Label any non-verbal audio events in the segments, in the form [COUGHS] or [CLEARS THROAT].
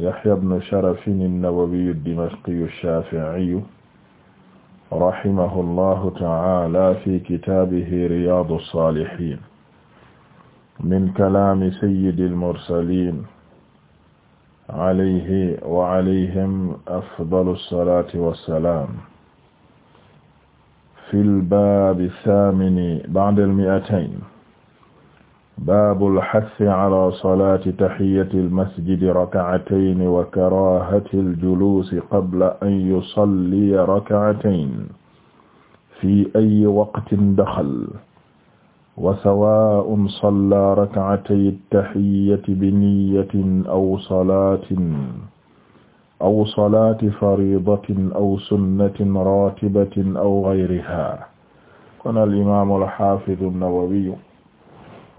Yahya ibn Sharaf an-Nawawi ad-Dimashqi ash-Shafi'i rahimahullahu ta'ala fi kitaabihi Riyaadu as-Saalihiin min kalaami sayyidil mursaliin alayhi wa alayhim afdalu as-salaati was-salaam fil baabi ath-thaamini ba'da al-mi'atayn baabul xassi calaa salaati taxiyatil masjidi rakacatayn wa karaahatil juluusi qabla an yusalliya rakacatayn fii ayyi waqtin daxal wa sawaa'un sallaa rakacatay taxiyati biniyatin aw salaatin aw salaati fariidatin aw sunnatin raatibatin aw gayrihaa kon al imaamul xaafidu nawawiyu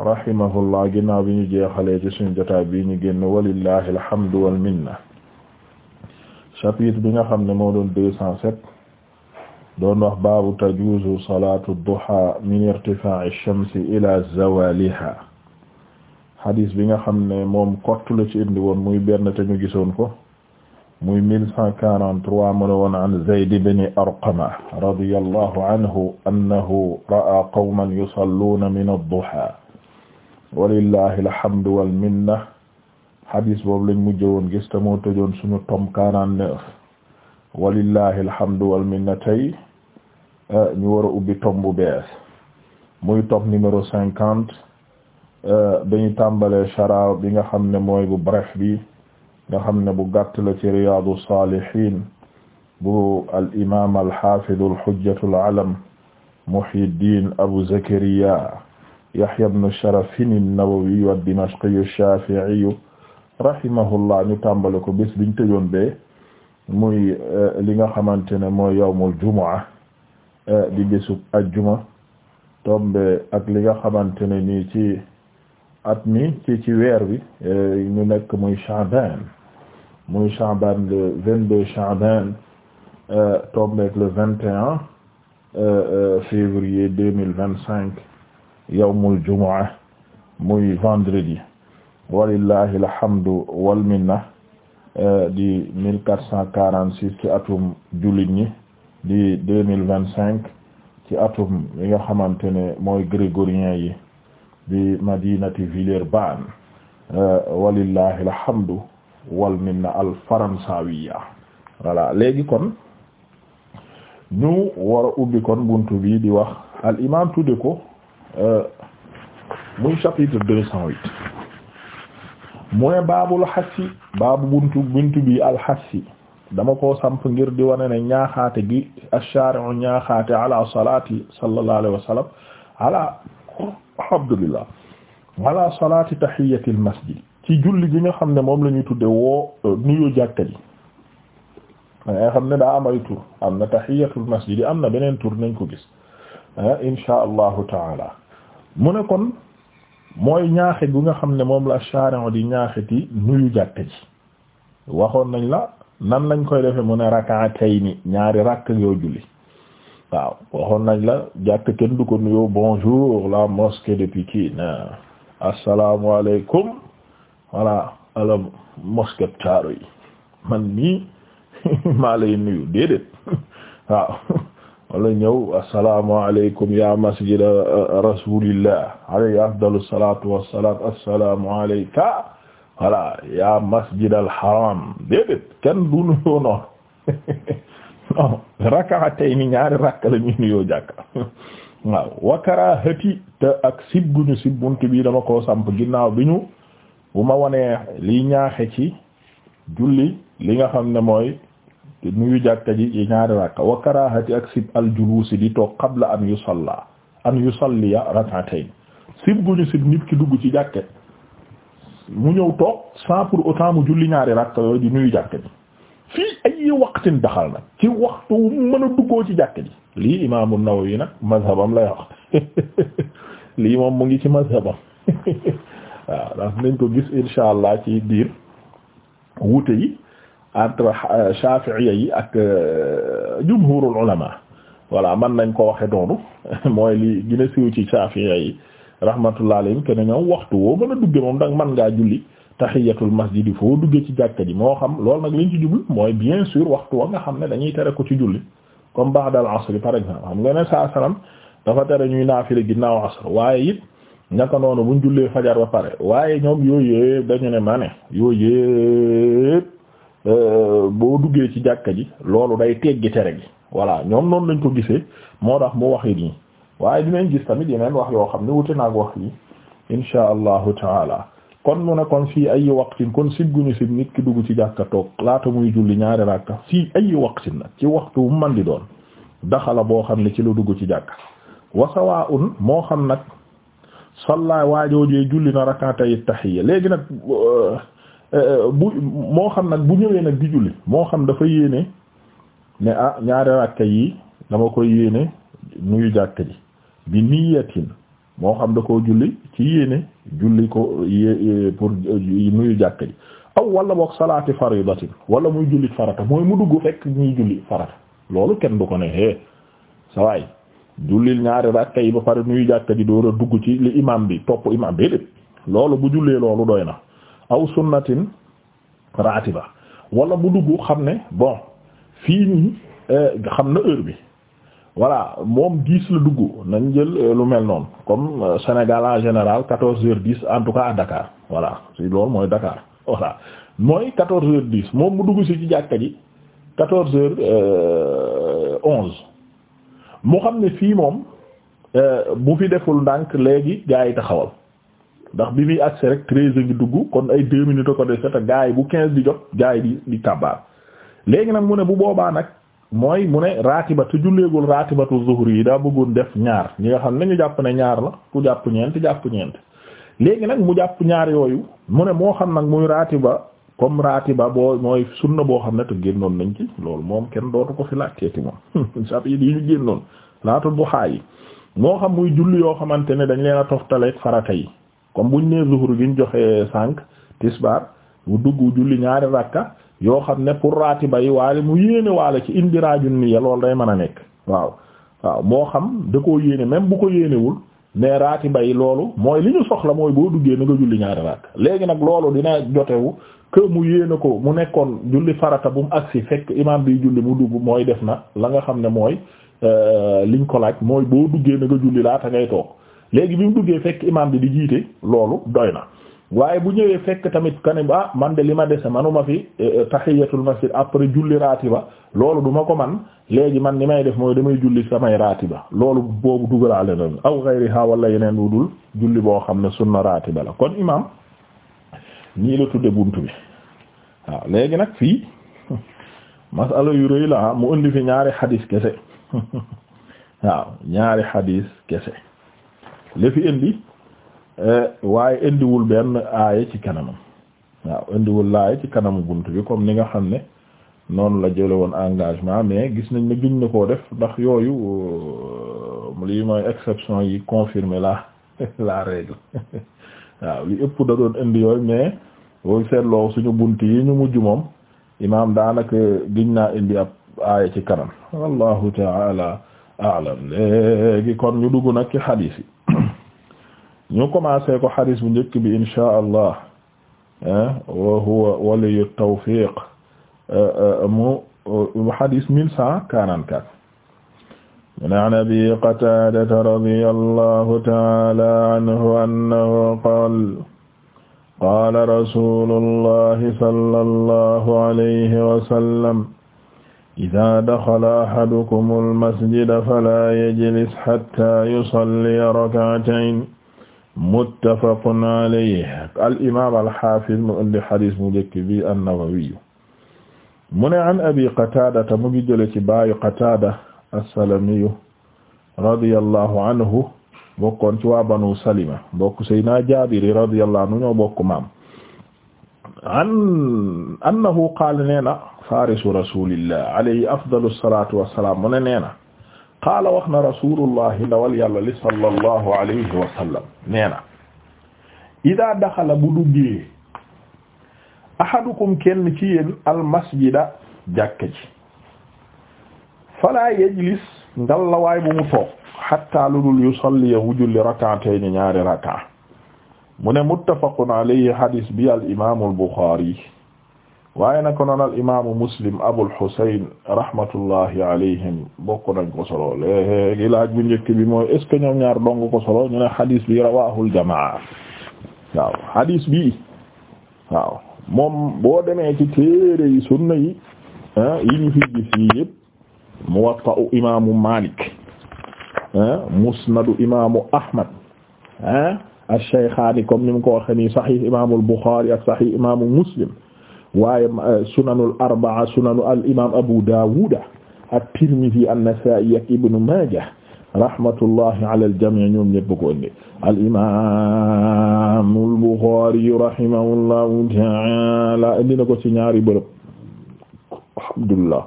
rahimahullah ginnaaw bi ñu jeexalee ci suñu jotaay bi ñu génn walillahi alhamdu wal minna chapitre bi nga xam ne moo doon deux cent sept doon wax baabu tajuuzu salaatu duha min irtifaa'i shamsi ila zawaliha hadis bi nga xam ne moom kott la ci indi woon muy benn te ñu gisoon ko muy mille cent quarante trois mu ne woon an Zayd ibn Arqama radiyallahu anhu annahu ra'a qawman yusalluuna min ad-duha walillahi alhamdu wal minna hadis boobu lañ mujj woon gis te moo tëjoon suñu tom 49 walillahi alhamdu wal minna tey eh, ñu war ubbi tom bu bees muy tom numéro cinquante eh, dañu tàmbalee chara bi nga xam ne mooy bu bref bi nga xam ne bu gàtt la ci Riyadou Salihine bu al imaam Abu Zakariya Yahya ibn Sharafin an-Nawawi ad-Dimashqi ash-Shafi'i rahimahullah ñu tàmbale ko bés biñ tëjoon bee muy euh, li nga xamante ne mooy yawmul jumaa euh, di bésub ajjuma tombe ak li nga xamante ne nii ci at mi ci ci weer wi euh, ñu nekk muy Sha'ban muy Sha'ban le vingt-deux Sha'ban tombe ak le vingt et un février deux mille vingt-cinq yawmul jumaa muy vendredi walillahi alhamdu wal minna euh, di mille quatre cent quarante ci atum jullit di deux mille ci atum yi nga xamante ne mooy grégorien yi di madinati Villeurbanne euh, walillahi alhamdu wal minna al faransawiya voilà léegi kon ñu war ubbi kon buntu bi di wax al imaam tudde ko Euh, muy chapitre deux cent huit mu ne baabul xassi baabu buntu buntu bi alxassi dama ko samp ngir di wane ne ñaaxaate gi ash-shari'u ñaaxaate ala salaati sallallahu alayhi wa sallam ala alhamdulillah ala salaati tahiyyati al-masjid ci julli gi nga xam ne moom la ñuy tudde woo euh, nuyu jàkka ji da xam ne daa am ay tur am na tahiyatul masjid am na beneen tur nañ ko gis ah, insha taala mu ne kon mooy ñaaxe gu nga xam ne moom la sharin di ñaaxeti nuyu jàkk ji waxoon nañ la nan lañ koy defe mu ne rak'atayni ñaari rakk yoo julli waaw waxoon nañ la jàkk kenn du ko nuyoo bonjour la mosquée de Pikine assalaamu alaykum voilà ala mosquée Thiaroye yi man nii [LAUGHS] maa lay nuyu déedéet [LAUGHS] waaw wala ñëw asalaamaaleykum ya masjida rasulillah alayhi afdalu salatu wassalam asalaamualeyka voilà ya masjid al haram déedéet kenn du nuyoo noonu [LAUGHS] non rak'atay ni ñaari rakk la ñu nuyoo jàkk [LAUGHS] waaw wa karahati te ak sib guñu sib bunt dama koo samp ginnaaw bi ñu bu ma wanee liy ñaaxe ci julli li nga xam ne mooy te nuyu jàkka ji ñaari rakka wa karahati ak sib al di toog qabla an yusalla an yusalliya rak'atayn sib guñu sib nit ki dugg ci jàkke mu ñëw toog sans pour autant mu julli ñaari rakka yooyu di ji fii ay waqtin daxal nag ci waxtu mën a duggoo ci jàkka ji lii imaamu Nawawi nag mazhabam lay wax [LAUGHS] lii moom mu ngi ci mazhabam [LAUGHS] waaw ndax nañ ko gis insha allah ci biir wuute yi entre shafi'iyya yi ak euh, jumhurul ulama voilà man nañ ko waxe doonu [LAUGHS] mooy li gën a siiw ci shafi'iyya yi rahmatullah alayhim kenn ñëw waxtu woo mën a dugge moom danga man ngaa julli tahiyatul masjid yi foo dugge ci jàkka ji moo xam loolu nag liñ ci jublu mooy bien sur waxtu wa nga xam ne dañuy tere ko ci julli comme ba'dal asr par exemple xam nga ne saa salaam dafa tere ñuy naafile ginnaaw asr waaye it naka noonu buñ jullee fajar ba pare waaye ñoom yooyu yëpp dañu ne ma ne Euh, boo duggee ci jàkka ji loolu day teggi tere gi voilà ñoom noonu lañ ko gisee moo tax mu waxit ñi waaye dinañ gis tamit yeneen wax yoo xam ne wute naag wax yi insha allahu taala kon mu ne kon fii ay waqtin kon sigguñu si nit ki dugg ci jàkka toog laata muy julli ñaari rakka fii ay waqtin nag ci waxtu bu man di doon daxala boo xam ne ci lu dugg ci jàkka wa sawaa'un moo xam nag salla waajoojee julli na rakkaatay tahiyya léegi nag bu moo xam nag bu ñëwee nag di julli moo xam dafa yéene ne ah ñaari rakka yi dama koy yéene nuyu jàkk ji bi niyatin moo xam da koo julli ci yéene julli ko yé pour euh, nuyu jàkk ji aw wala boog salaati faridatin wala muy julli farata mooy mu dugg fekk ñuy julli farata loolu kenn du ko ne é sawaay jullil ñaari rakka yi ba pare nuyu jàkk ji door a dugg ci li imam bi topp imam bi déedéet loolu bu jullee loolu doy na aw sunnatin ratiba wala mu dugg xam ne bon fii nii eh, xam na heure bi voilà moom dix la dugg nañ jël eh, lu mel noon comme euh, Sénégal en général quatorze heures dix en tout cas à Dakar voilà si loolu mooy dakaar [LAUGHS] voilà mooy quatorze heures dix moom mu dugg si ci jàkka ji quatorze heures euh, onze mu xam ne fii moom euh, bu fi deful ndànk léegi gaa yi taxawal ndax bi muy agsi rek treize gi dugg kon ay deux minutes a ko dese te bu quinze di jot gaa yi di di kabaar léegi nag mu ne bu boobaa nag mooy mu ne raatiba te julleegul raatibatu zuhri yi daa bëggoon def ñaar ñi nga xam ne ñu jàpp ne ñaar la ku jàpp ñeent jàpp ñeent léegi nag mu jàpp ñaar yooyu mu ne moo xam nag muy raatiba comme raatiba boo mooy sunna boo xam ne te génnoon nañ ci loolu moom kenn dootu ko fi laajteeti moom sab [LAUGHS] yi ñu génnoon laatul bu xaayi moo xam muy julli yoo xamante ne dañ leen a toftaleeg farata yi comme buñ nee zuhur gi ñu joxee sànq tisbaar bu dugg julli ñaari rakka yoo xam ne pour raati bay waale mu yéene waalo ci indi raajun niyya loolu day mën a nekk waaw waaw moo xam da koo yéene même bu ko yéenewul mais raati bay loolu mooy li ñu soxla mooy boo duggee na nga julli ñaari rakka léegi nag loolu dina jotewu que mu yéene ko mu nekkoon julli farata bu mu agsi fekk imaam bi julli mu dugg mooy def na la nga xam ne mooy euh, liñ ko laaj mooy boo duggee na nga julli laata léegi bi mu duggee fekk imam bi di jiite loolu doy na waaye bu ñëwee fekk tamit kani ah man de li ma dese manuma fi eh, eh, tahiyatul masjid après julli raatiba loolu du ma ko man léegi man ni may def mooy damay julli samay raatiba loolu boobu dugalaale na aw ghayriha wala yeneen wu dul julli boo xam ne sunna raatiba la kon imam ñii la tudde bunt bi waaw léegi nag fii [LAUGHS] masala yu rëy la ah, mu indi fi ñaari xadiis kese [LAUGHS] waaw ñaari xadiis kese la indi eh, waaye indiwul benn aaya ci kanamam waaw indiwul laaya ci kanamu bunt bi comme ni nga xam ne noonu la jële woon engagement mais gis nañ ne giñ na koo def ndax yooyu euh, lii yi confirmer la [LAUGHS] la [LAUGHS] li ëpp da doon indi yooyu mais booy seetloo suñu bunt yi ñu mujj moom imaam daanaka giñ naa indi ab aaya ci kanam wallahu taala aalam léegi kon ñu dugg nag ci xadiis yi [COUGHS] ñu commencé ko xadis bu njëkk bi insha allah wa huwa waliyu tawfiq mu xadis mille cent quarante-quatre min an abi qataadata radiyallahu ta'ala anhu annahu qaala qaala rasuulullahi sallallahu alayhi wa sallam ida daxala ahadukum almasjida fala yajlis xatta yusalliya rakaatain muttafaqun alayhi alimam alxafiz mu indi xadis mu njëkk bi annawawiyu mu ne an abi qataadata mu ngi jële ci baayu qataada assalamiyu radiyallahu anhu bokkoon ci waa banu salima bokk sayyidina jaabiri radiyallahu anhu ñoo bokk maam an annahu qaala nee na farisu rasulillah alayhi afdalu salatu wassalam mu ne nee na qaala wax na rasulullahi ndawal yàlla li sallallahu alayhi wa sallam nee na ida daxala bu duggee ahadukum kenn ci yéen almasjida jàkka ji fala yajlis ngallawaay bu mu toog hatta ludul yusalliya wujulli rak'atayn ñaari rak'a mu ne muttafaqun alayhi hadis bi al imam al bukhari waaye nako noon al imaamu muslim abul husayn rahmatullahi alayhim bokk nañ ko solo léegi laaj bu njëkk bi mooy est ce que ñoom ñaar dong ko solo ñu ne hadis bi rawaahul jamaa waaw bi waaw moom boo demee ci téere yi sunna yi muwatta u malik musnadu imaamu ahmad ah ash-shaykhaani comme ni mu ko waxee nii sahih imaamul buxaari ak sahih muslim waaye eh, sunanul arbaa sunanu al imaam Abu Daawuda at-Tirmidhi an-Nasaa'i ak Ibnu Maajah rahmatullahi ala al-jamii' ñoom ñépp ko indi al imaam al-Buxaari rahimahullahu ta'aala indi na ko ci ñaari bërëb alhamdulillah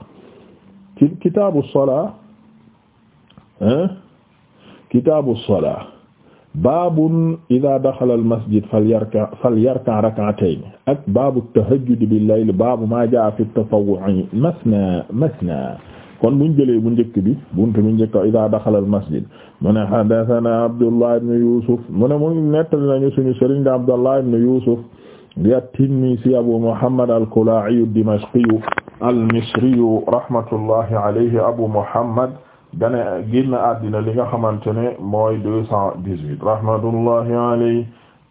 ci kitaabu salaa kitaabu salaa baabun ida daxala al masjid falyarka falyarka rak'atayn ak baabu tahajjud bil layl baabu ma jaa fi tatawwu'i masna masna kon buñ jëlee bu njëkk bi buntu bu njëkk ida daxala al masjid mu ne haddathana Abdullah ibn Yusuf mu ne mu nettali nañu suñu sëriñ da Abdullah ibn Yusuf di at-Tinnisi Abu Muhammad al-Kala'i ad-Dimashqi al-Misri rahmatullahi alayhi Abu Muhammad gane génn àddina li nga xamante ne mooy deux cent dix-huit rahmatullahi alayhi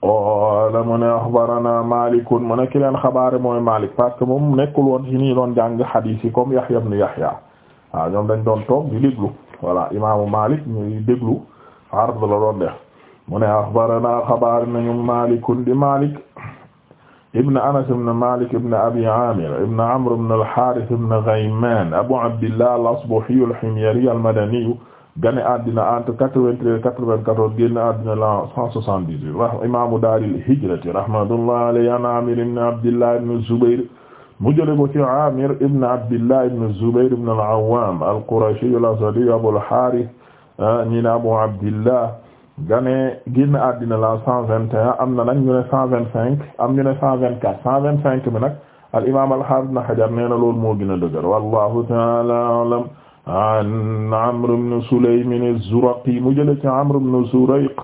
qaala mu ne axbarana malikun mu ne ki leen xabaare mooy Malik parce que moom nekkul woon ci nii doon jàng xadiis yi comme Yahya ibn Yahya waaw ñoom dañ doon toog di déglu voilà imaamu Malik ñuy déglu ard la doon def mu ne axbarana xabaar nañu di Malik ibn Anas ibn Malik ibn Abi Amir ibn Amr ibn al-Harith ibn Ghayman Abu Abdillah al-Asbahi al-Himyari al-Madani gane àddina entre quatre-vingt-treize quatre-vingt-quatorze génn àddina l'an cent soixante-dix-huit imaamu daaril hijrati rahmatullahi alayhi an Amir ibn Abdillah ibn Zubayr mu jële ko ci Amir ibn Abdillah ibn Zubayr ibn al-Awwam al-Qurashi al-Asadi Abu al-Harith ah, ñi ne Abu Abdillah gane génn àddina la cent vingt et un am na nag ñu ne cent vingt cinq am ñu ne cent vingt quatre cent vingt cinq mi nag al imaam al haafid ibn Hajar nee na loolu moo gën a dëgër wallahu ta'ala a'lam an Amr ibn Sulaym az-Zuraqi mu jële ci Amr ibn Surayq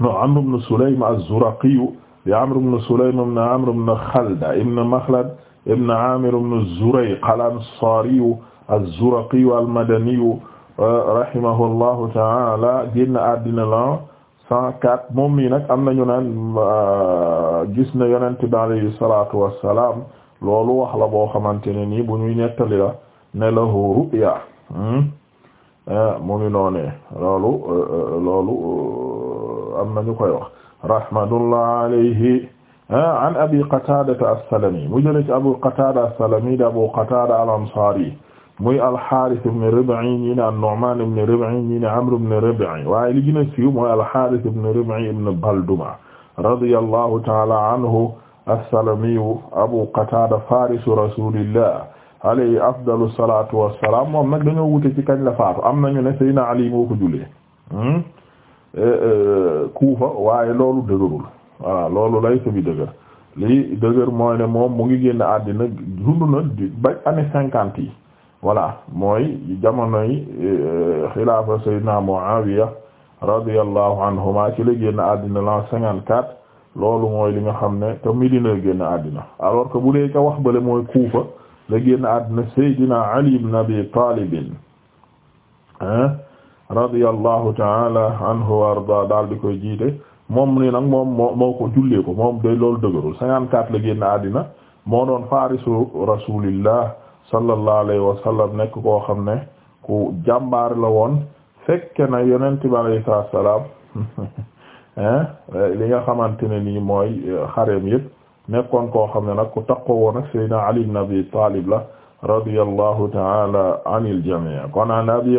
no Amr ibn Sulaym az-Zuraqi di Amr ibn Sulaym ibn Amr ibn Khalda ibn Makhlad ibn Amir ibn Zurayq al-Ansari az-Zuraqi al-Madani rahimahullahu taala génn àddina la cent quatre moom mii nag am nañu naan euh, gis na yonent bi alayhi salatu wassalam loolu wax la boo xamante ne nii bu ñuy nettali la ne lahu ru'ya hmm? eh, mu ngi noonee loolu euh, euh, loolu am nañu koy wax rahmatullah alayhi eh, an abi qatada as-salami mu jële ci abu qatada as-salami da abu qatada al-ansari muy al-Harith ibn Rib'i ñi ne an-Nu'man ibn Rib'i ñi ne Amr ibn Rib'i waaye li gën a siiw mooy al-Harith ibn Rib'i ibn Balduma radiyallahu ta'ala anhu as-Salami Abu Qatada farisu rasulillah alayhi afdalu salatu wassalam moom nag dañoo wute ci kañ la faatu am nañu ne Seydina Ali moo ko jullee hmm? eh, eh, Kufa waaye loolu dëgërul loolu lay sabi dëgër lii dëgër mooy ne moom mu ngi génn àddina dund na ba année cinquante yi voilà mooy jamonoy euh, xilaafa sayyidina Muawiya radiyallahu anhuma ci la génn àddina l'an cinquante-quatre loolu mooy li nga xam ne te Medina génn àddina alors que bu dee ca wax bale mooy Kufa la génn àddina sayyidina Ali ibn Abi Talib radiyallahu ta'ala anhu wa arda daal di koy jiite moom ni nag moom moo ko jullee ko moom day loolu dëgërul cinquante-quatre la génn àddina moo doon farisu rasulillah sallallahu alayhi wa nekk koo xam ne ku jàmbaar la woon fekke na yonent bi alayhi salaam li nga xamante ne nii mooy xareem yëpp nekkoon koo xam ne nag ku taqoo woon ak Seydina Ali ibn Abi Talib la radiyallahu ta'ala anil jami' kon an Abi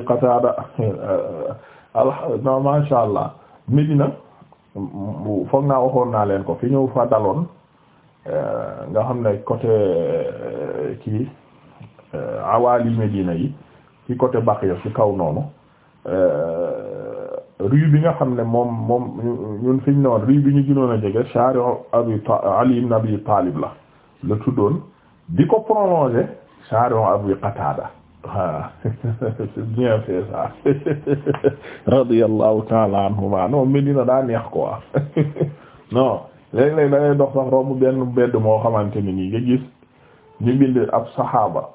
masha Allah Medina foog naa waxoon naa leen ko fi ñëw fa daloon nga xam ne côté kii Euh, awaali Medina yi ci côté Baqiya ci kaw noonu euh, rue bi nga xam ne moom moom ñun fi ñu ne bi ñu ginoon a jege Shari Abi Ali Abi Talib la la tuddoon di ko prolongé Shari Abi Qatada ah [LAUGHS] c'est bien fait ça [LAUGHS] radiyallahu ta'ala anhuma non Medina daa neex quoi [LAUGHS] non léeg-léeg da dox sax romb benn bedd moo xamante ni nii nga gis ñu bind ab saxaaba.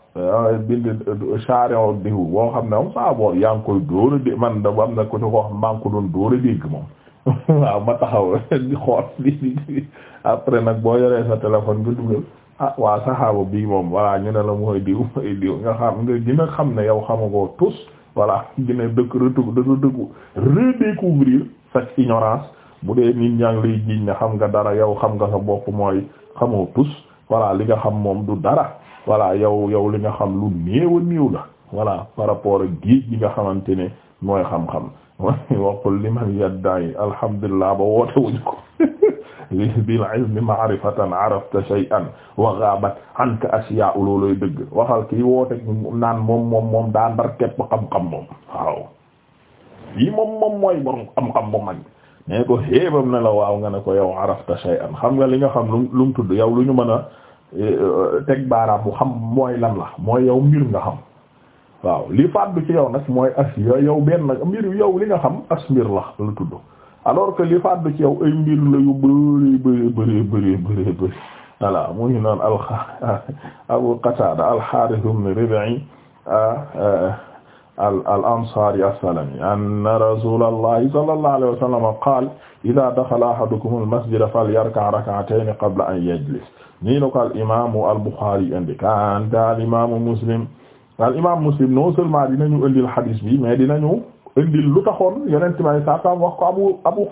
charion diw boo xam ne moom saa boo yaa ngi koy dóor a dégg man da am na ko ci koo xam maa ngi ko doon dóor a dégg moom [LAUGHS] waaw ma taxaw di xool après nag boo yoree sa téléphone nga dugal ah waa saxaaba bii moom voilà ñu ne la mooy diw mooy diw nga xam nga gën xam ne yow xamagoo tous voilà gën dëkk retour de dëkku redécouvrir sa ignorance ñaa ngi lay xam nga dara yow xam nga sa bopp mooy xamoo tous li nga xam moom du dara. voilà yow yow li nga xam lu néew a néew la voilà par rapport ak géej gi nga xamante ne mooy xam-xam [LAUGHS] waqul liman yadda'i alhamdulillah ba woote wuñ ko [LAUGHS] bil ilmi ma'rifatan arafta shay'an wa ghabat anka ashiya looloy dëgg waxal kii woote naan moom moom moom daa ndar képp xam-xam moom waaw yi moom moom mooy borom xam-xam bu mag ne ko xéebam na la waaw nga ne ko yow arafta shay'an xam nga li nga xam lu mu tudd yow lu ñu mën a Euh, teg baaraam bu xam mooy lan la mooy yow mbir nga xam waaw li fàddu ci yow nag mooy as yow benn mbir yow li nga xam as mbir la la tudd alors que li fàddu ci yow ay mbir la yu bëri bëri bëri bëri bëri bëri voilà mu ngi noon al Abu Qatada al Harith ibn Rib'i ah, ah, al al ansaari salami anna rasuulallahi sallallahu alayhi wa sallam qaala idaa daxala ahadukumul masjida falyarka' rak'atayni an yajlis nii al imaamu al buxaari indi kaanta al imaamu muslim al imaamu muslim non seulement dinañu indil hadis bi mais dinañu indil lu taxoon yeneen tamit saa wax ko abu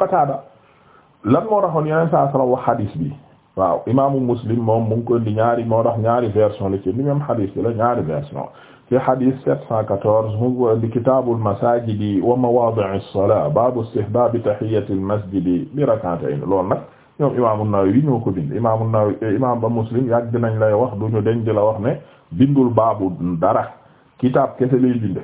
lan moo taxoon yeneen saa saa wax hadis bi waaw imaamu muslim moom mu ngi ko indi ñaari moo tax ñaari version la ci li même hadis ci hadis 714 mu ngi indi kitaabul masaajidi wa mawaadi'i s-salaa baabu istihbaabi tahiyyatil masjidi bi rak'atayn loolu nag ñoom imaamu Nawawi ñoo ko bind imaamu Nawawi imaam ba Muslim yàgg nañ lay wax duñu deñ di la wax ne bindul baabu dara kitaab kese lay binde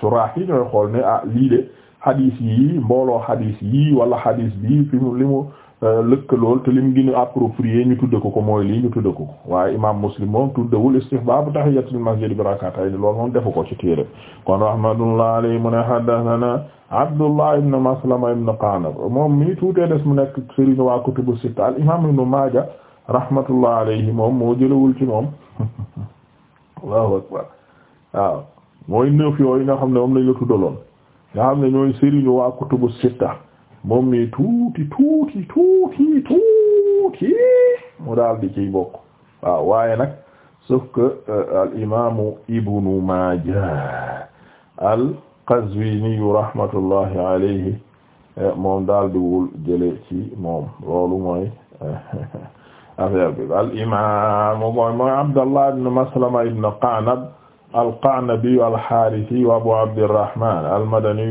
suraax yi ñooy xool ne ah, lii de hadis yi mbooloo hadis yi wala hadis bi fi mu Euh, lëkkalool te lim gën a approprié ñu tudde ko ko mooy lii ñu tudde ko waaye imaam Muslim moom tuddewul istihbaabu tahiyyatil masjid bi rak'atayn lool moom defu ko ci téere kon rahmatullah alayhi mu ne haddathana Abdullah ibn Maslama ibn Qanab moom mii tuutee des mu nekk sëriñ waa kutubu sitta al imaam ibn Maaja rahmatullah alayhi moom moo jëlawul ci moom [LAUGHS] Allahu akbar waaw mooy neuf yooyu nga xam ne moom lañ la tuddaloon nga xam ne ñooy sëriñ waa kutubu sitta moom mi tuuti tuuti tuuti tuuti mu daal di ciy bokk waaw waaye nag sauf que euh, al imaamu ibnu Maaja al Qazwini rahmatullahi alayhi euh, moom daal di wul jële ci moom loolu mooy euh, [LAUGHS] affaire bi al imaamu mooy mooy Abdallah ibn Maslama ibn Qa'nab al Qa'nabi al Haarisi wa Abu Abdirrahmaan al Madani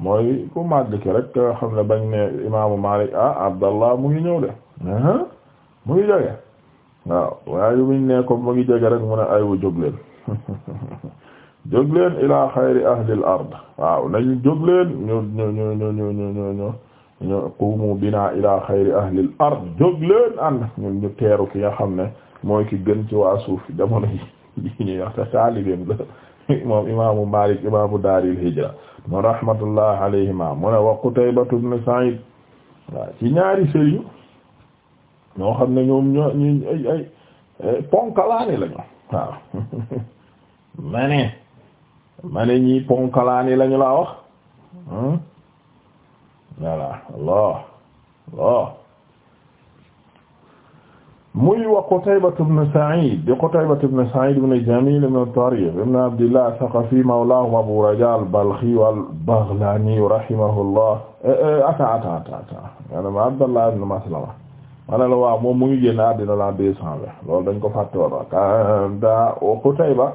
mooy ku màgg ki rek nga xam ne bañ ne imaamu Malik ah Abdallah mu ngi ñëw de mu ngi jóge waaw waaye yu muñ ne ko mu ngi jóge rek mu ne aywa jóg leen [LAUGHS] jóg leen ila xayri ahlil ard waaw nañ jóg leen ñu ñu ñu ñu ñu ñu ñu ñu ñu qumu bina ila xayri ahlil ard jóg leen ànd ñun ñu teeru ki nga xam ne mooy ki gën ci waa suuf jamono yi [LAUGHS] ñuy wax te taalibeem la [LAUGHS] moom imaamu Maalik imaamu daaril hijra ma rahmatullah alayhima mu wa Qutaybatu ibn Sa'id waaw ci ñaari sëriñ ñoo xam ne ñoom ñoo ñu ay ay ponkalaane lañu waaw [LAUGHS] ma ne ñii ponkalaane lañu laa wax hmm? voilà Allah Allah muy wa Qutayba ibn Sa'id di Qutayba ibn Sa'id ibn Jamil ibn Tariq ibn Abdillah Thaqafi mawlahum Abu Raja al-Balkhi wal-Baghlani rahimahullah eh, eh, ata ata ata ata maanaam Abdallah ibn Maslama ma ne la waaw moom mu ngi génn àddina la deux cent vingt loolu dañ ko fàtte woon kanda Qutayba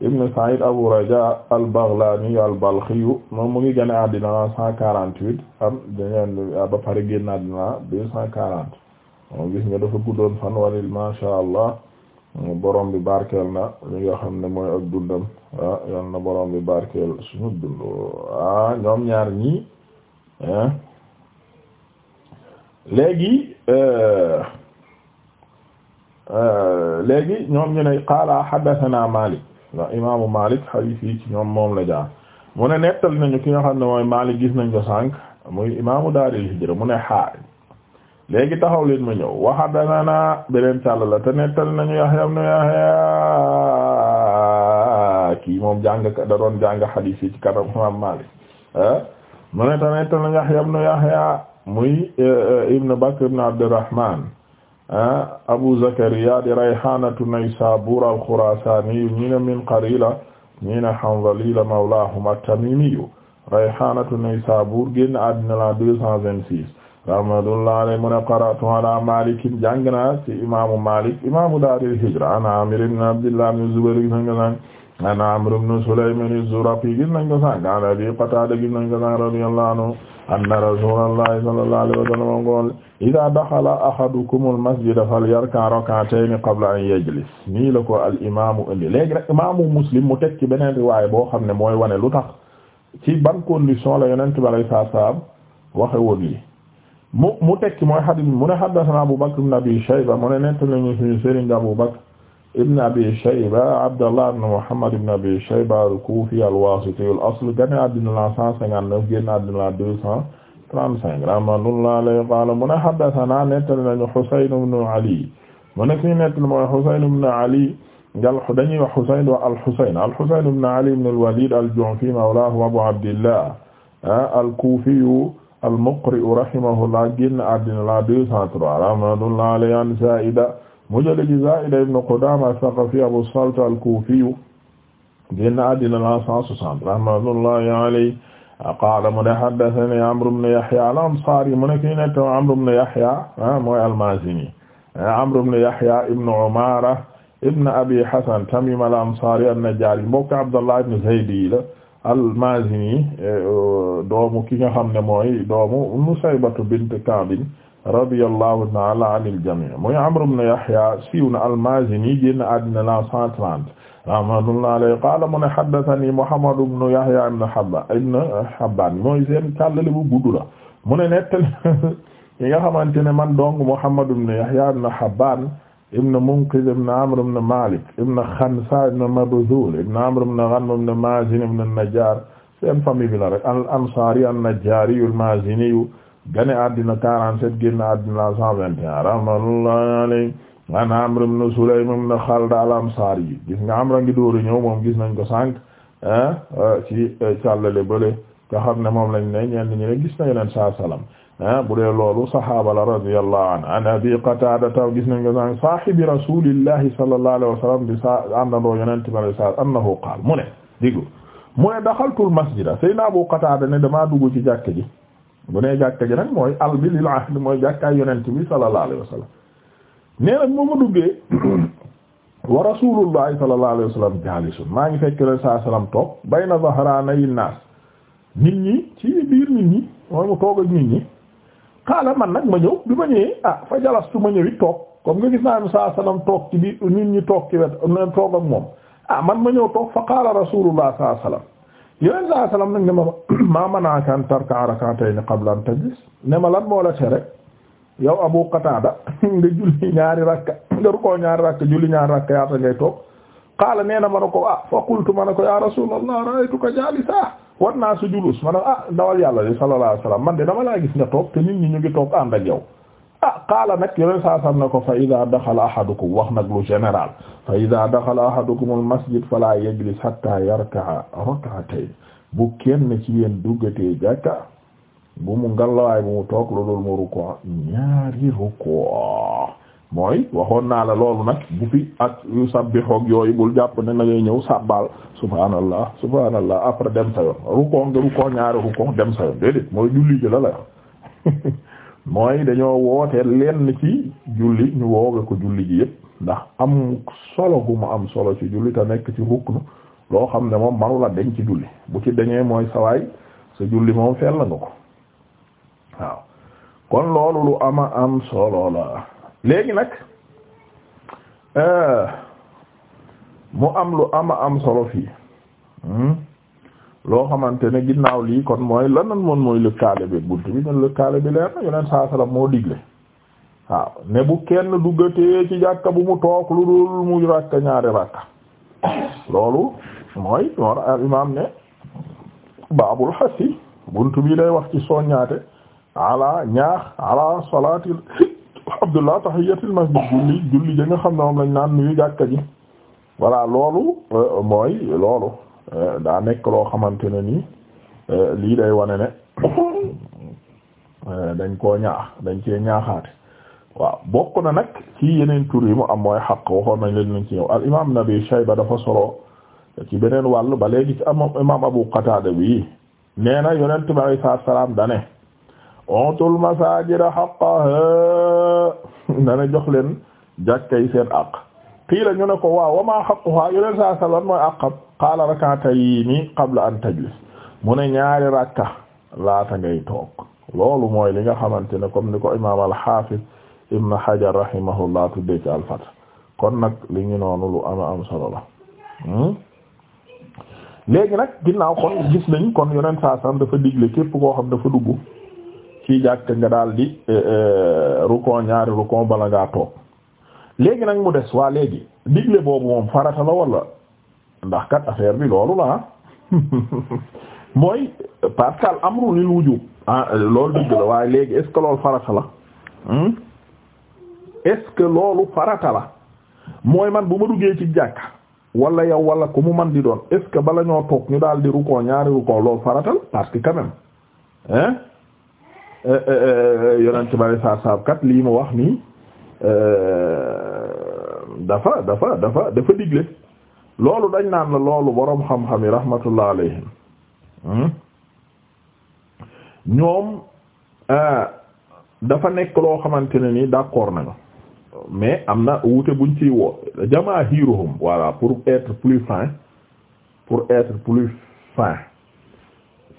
ibn Sa'id Abu Raja al-Baghlani al-Balkhi moom mu ngi génn àddina la cent quarante-huit am dañu ba pare génn àddina la deux cent quarante moom gis nga dafa guddoon fan walil masha allah borom bi barkeel na li nga xam ne mooy ak dundam ah, yoon na borom bi barkeel suñu dund ah, ñoom ñaar nii ah. léegi eh, eh, léegi ñoom ñu ne qaala haddathana Malik wa imaamu Malik hadith yi ci ñoom moom la jaar mu ne nettal nañu ki nga xam ne mooy Malik gis nañ ko sànq muy imaamu daaril hijra mu ne xaar léegi taxaw leen ma ñëw wa haddathana beneen càllala te nettali nañu Yahya ibn Yahya kii moom jàng da doon jàng hadith yi ci kanam Imam Malik eh? mu ne te nettali nañu Yahya ibn Yahya muy eh, ibn Bakr ibn Abdurrahman eh? Abu Zakariya di Rayhanatu Naysabur al-Khurasani ñi min Qarila ñi ne Hanzalila mawlahum at-Tamimi Rayhanatu Naysabur génn àddina la deux rahmatullah alayhi mu ne qara'tu ala Malik jàng naa ci imaamu Malik imaamu daaril hijra an Amir ibn Abdillah ibn Zubayr gis nañ ko sànq an Amr ibn Sulaym az-Zurafi gis nañ ko sànq an Abi Qatada gis nañ ko sànq radiyallahu anhu anna rasulallahi sallallahu alayhi wa sallam qaala idha dakhala ahadukum al-masjida falyarka' rak'atayn qabla an yajlis nii la ko al imaamu indi léegi rek imaamu Muslim mu teg ci beneen riwaay boo xam ne mooy wane lu tax ci ban condition la Yonent bi alayhi salaam waxe woon lii mu mu tekki mooy xadis mu ne haddathana Abu Bakr ibn Abi Shayba mu ne nettali nañu suñu sëriñ Abu Bakr ibn Abi Shayba Abdallah ibn Muhammad ibn Abi Shayba al-Kufi al-Wasiti al-asl gane àddina la 159 génn àddina la 235 rahmatullahi alayhi qala mu ne haddathana nettali nañu Husayn ibn Ali mu ne kii nettali mooy Husayn ibn Ali gal dañuy wax Husayn wa al-Husayn al-Husayn ibn Ali ibn al-Walid al-Ju'fi mawlahu Abu Abdillah ah, al-Kufi al-Muqri'u rahimahullah génn àddina la 203 rahmatullahi alayhi an Zaa'ida mu jële ci Zaa'ida ibn Qudaama as-Saqafi Abu Salt al-Kuufi génn àddina la 160 rahmatullahi alayhi qaala mu ne haddathanii Amr ibn Yahya al-Ansaari mu ne kii nekk Amr ibn Yahya ah, mooy al-Maazini Amr ibn Yahya ibn Umaara ibn Abi Hasan Tamiim al-Ansaari an-Najjaari mbokk Abdullah ibn Zayd la al-Mazini eh, doomu ki nga xam ne mooy doomu Nusaybatu bint Ka'b radiyallahu ta'ala anil jami' muy Amr ibn Yahya siiw na al-Mazini génn àddina la 130 rahmatullahi alayhi qaala mu ne haddathani Muhammad ibn Yahya ibn Habban ibn Habban mooy seen càllale bu gudd la mu ne nettali [LAUGHS] ki nga xamante ne man dong Muhammad ibn Yahya ibn Habban ibn Munqidh ibn Amr ibn Malik ibn Khansa ibn Mabdhul ibn Amr ibn Ghanm ibn Mazin ibn an-Najjar seen famille bi la rek al-Ansari an-Najjari al-Mazini gane àddina 47 génn àddina 121 rahmatullahi alayhi an Amr ibn Sulaym ibn Khald al-Ansari gis nga Amr ngi dóoru ñëw moom gis nañ ko sànq ah, ah, ci eh, càllale bële nga xam ne moom lañ ne ñenn ñi ne gis nañ leen saa salaam bu dee loolu sahaaba la radiyallahu anhu an abi qatada taw gis nañ ko san sahibi rasulillahi sallallahu alayhi wa sallam bi sa àndandoo yonente bi alayhi salaam annahu qaal mu ne diggu mu ne daxaltul masjida sayna abu qatada ne ma dugg ci jàkke ji bu ne jàkke ji nag mooy al bi lil ahd mooy jàkkaay yonente bi sallallahu alayhi wa sallam nee moo ma duggee [CLEARS THROAT] wa rasulullahi sallallahu alayhi wa sallam maa ngi fekk leen saa sallam to bayna zahraanayi naas nit ñi ci biir xaala man nag ma ñëw bi ma ñëwee ah fa jalastu ma ñëwit toog comme nga gis naa ne saa sallam toog ci biir nit ñi toog ci wet nen toog ak moom a ah, man ma ñëw toog fa qaala rasulullah saa sallam yoneen saa sallam nag ne ma [COUGHS] ma manaaka an tarka rak'atayn qabla an tajlis ne ma lan moo la tere yow Abu Qatada [LAUGHS] nga julli ñaari rakka nga rukoo ñaari rakka julli ñaari rakka yaata ngay toog qaala nee na ma ne ko ah fa qultu ma ne ko ya rasulallah ra'aytuka jalisa war naa su julus ma ne ah dawal yàlla de sallallahu man de dama laa gis nga toog te nit ñi ñu ngi toog ànd ak yow ah qaala nag yoneen saa fa ida daxala ahadukum wax nag lu général fa ida daxala ahadukum al masjid fala yajlis hatta yarkaa rak'atayn bu kenn ci yéen duggatee jàkka bu mu ngalawaay bu mu toog loolu mu rukkoo ñaari rukkoo mooy waxoon naa la loolu nag bu fi ak yu sabbihoog yooyu bul jàpp ne na ngay ñëw sabbal subhanallah subhanallah après dem sa yoon rukoo nga rukoo ñaari rukoo dem sa yoon déedéet mooy julli ji la la yoon [LAUGHS] mooy dañoo woote lenn ci julli ñu wooga ko julli ji yëpp ndax am solo gu mu am solo ci julli te nekk ci ruknu loo xam ne moom manu la deñ ci julli bu ci deñee mooy sawaay sa julli moom fel la nga ko waaw kon loolu lu ama am solo la léegi nag euh, mu am lu ama am solo fii hmm? loo xamante ne ginnaaw lii kon mooy lan lan moom mooy lëkkaale bi bunt bi ne lëkkaale bi leer na yeneen saa moo digle waaw ne bu kenn duggatee ci jàkka bu mu toog lu dul mu ràkk ñaari ràkk loolu mooy war a imaam ne baabul xasi bunt bi day wax ci soññaate ala ñaax ala salaatil Abdullah tahiyatul masjid julli julli ja xam ne moom lañ naan nuyu jàkka ji voilà loolu euh, mooy loolu euh, daa nekk loo xamante ne nii euh, lii day wane ne dañ koo ñaax dañ cee ñaaxaate waaw bokk na nag ci yeneen tur yi mu am mooy xaq waxoon nañ leen lañ ci ñëw al imaam Nabi Shayba dafa solo ci beneen wàll ba léegi ci am imaam Abu Qatada bi nee na yonent bi salaam dane utul masajida haqqaha dana jox leen jàkkay seen aq qiila ñu ne ko waaw wa ma haqquha yo leen saa sallan mooy aqab qaala rak'atayni qabla an tajlis mu ne ñaari rakka laata ngay toog loolu mooy li nga xamante ne comme ni ko imam al-hafiz ibn hajar rahimahullah tudde ci al-fath kon nag li ñu noonu lu ama am solo la hmm? léegi nag ginnaaw kon gis nañ kon yoneen saa sallam dafa digle képp koo xam dafa dugg ci jàkk nga daal di eh, eh, rukon ñaari rukon bala ngaa toog léegi nag mu des waa léegi digle boobu moom farata la ndax kat affaire bi loolu la ah. [LAUGHS] mooy parce que al amru lil wujub ah loolu digg la waaye léegi est loolu farata hmm? mooy man bu ma duggee ci jàkka wala yow wala ku mu man di doon est ce bala ñoo toog ñu daal di rukon ñaari rukon loolu farata parce que quand même Euh, euh, euh, yonent bari saab lii mu wax nii dafa dafa dafa dafa digle loolu dañ naan la loolu boroom xam-xam yi rahmatullah alayhim hmm? ñoom dafa nekk loo xamante ne ni d'accord nañu mais am na wuute buñ ciy woo jamaahiruhum voilà pour être plus fin pour être plus fin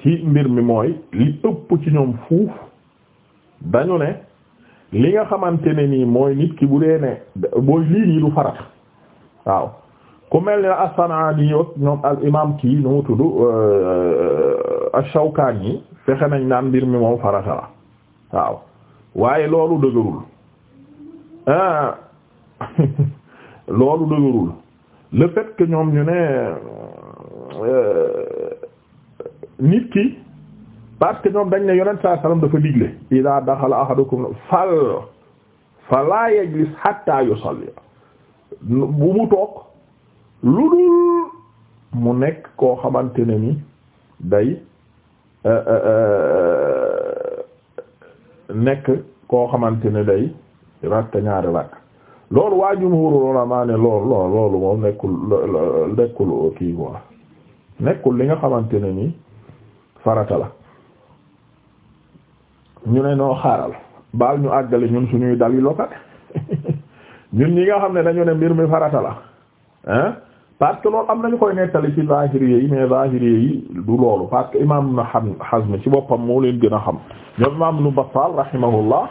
ci mbir mi mooy li ëpp ci ñoom fuuf dañu ne li nga xamante ne nii mooy nit ki bu dee ne mooy lii nii du farat waaw ku mel ni as-San'aani ak ñoom al imaam kii nu mu tudd euh, euh, ash-Shawkaani fexe nañ naan mbir mi moom farata la waaw waaye loolu dëgërul ah. [LAUGHS] loolu dëgërul le fait ñoom ñu ne euh, nit ki. parce que ñoom dañ ne yonent saa salaam dafa digle ida daxala ahadukum fal fala yajlis bu mu toog lu dul mu nekk koo xamante ne ni day euh, euh, euh, nekk koo xamante ne day rakk ñaari rakk loolu waa jumhuur ulamaa ne loolu loolu moom nekkul nekkul kii quoi nekkul li nga xamante ne ni farata la ñu ne noo xaaral baal ñu àggale ñun suñuy dal yi lokat ñun ñi nga xam ne dañu ne mbir mi farata la hein parce que loolu am nañu koy nettali ci zahiri yi mais zahiri yi du loolu parce que imam na xam Hazm ci boppam moo leen gën a xam ñoom imam nu Battal rahimahullah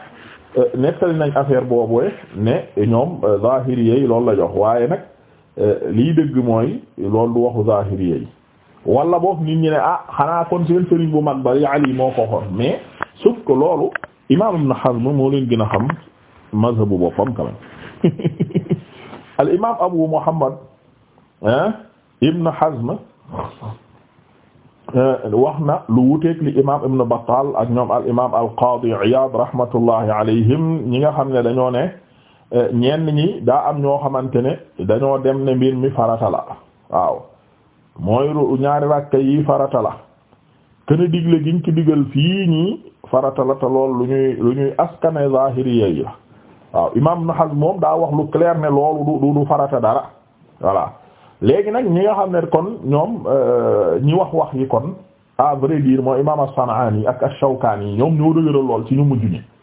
euh, nettali nañ affaire boobu ne ñoom euh, zahiri yi loolu la jox waaye nag euh, liy dëgg mooy loolu du waxu zahiri yi wala boog nit ñi ne ah xanaa kon seen sëriñ bu mag ba Ali moo ko xoon que loolu imam Ibn Hazm moo leen gina xam mazhabu boppam quand même [LAUGHS] al imam Abu Muhammad Ibn Hazm euh, wax na lu wuteeg li imam Ibn Battal ak ñoom al imam al Qadi Iyad rahmatullahi alayhim ñi nga xam ne dañoo ne euh, ñenn ñi daa am ñoo xamante ne dañoo dem ne mbir mi farata la waaw mooy ñaari rakka yi farata la kën a digle giñ ci digal fii ñii farata la lool lu ñuy lu ñuy askane zahiri yi la waaw imam Ibn moom daa wax lu clair ne loolu du du farata dara voilà léegi nag ñi nga xam ne kon ñoom euh, ñi wax wax yi kon à vrai dire mooy imam as-San'ani ak ash-Shawkani ñoom ñoo dëgëral lool ci ñu mujj ñi